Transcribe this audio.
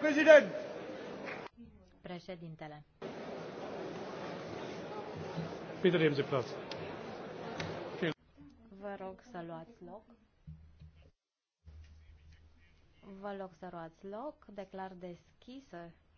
Președintele. Vă rog să luați loc. Vă rog să luați loc. Declar deschisă